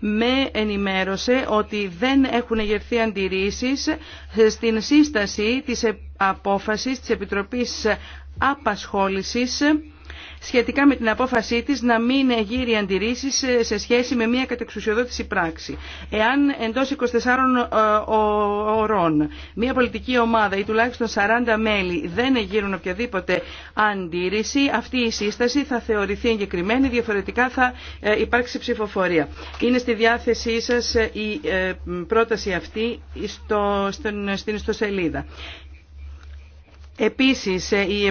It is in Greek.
με ενημέρωσε ότι δεν έχουν εγερθεί αντιρρήσεις στην σύσταση της απόφασης της Επιτροπής Απασχόλησης σχετικά με την απόφασή της να μην γύρει αντιρρήσεις σε σχέση με μια κατεξουσιοδότηση πράξη. Εάν εντός 24 ωρών μια πολιτική ομάδα ή τουλάχιστον 40 μέλη δεν εγείρουν οποιαδήποτε αντίρρηση, αυτή η σύσταση θα θεωρηθεί εγκεκριμένη, διαφορετικά θα ε, υπάρξει ψηφοφορία. Είναι στη διάθεσή σας ε, η ε, πρόταση αυτή στο, στην ιστοσελίδα. Επίσης, η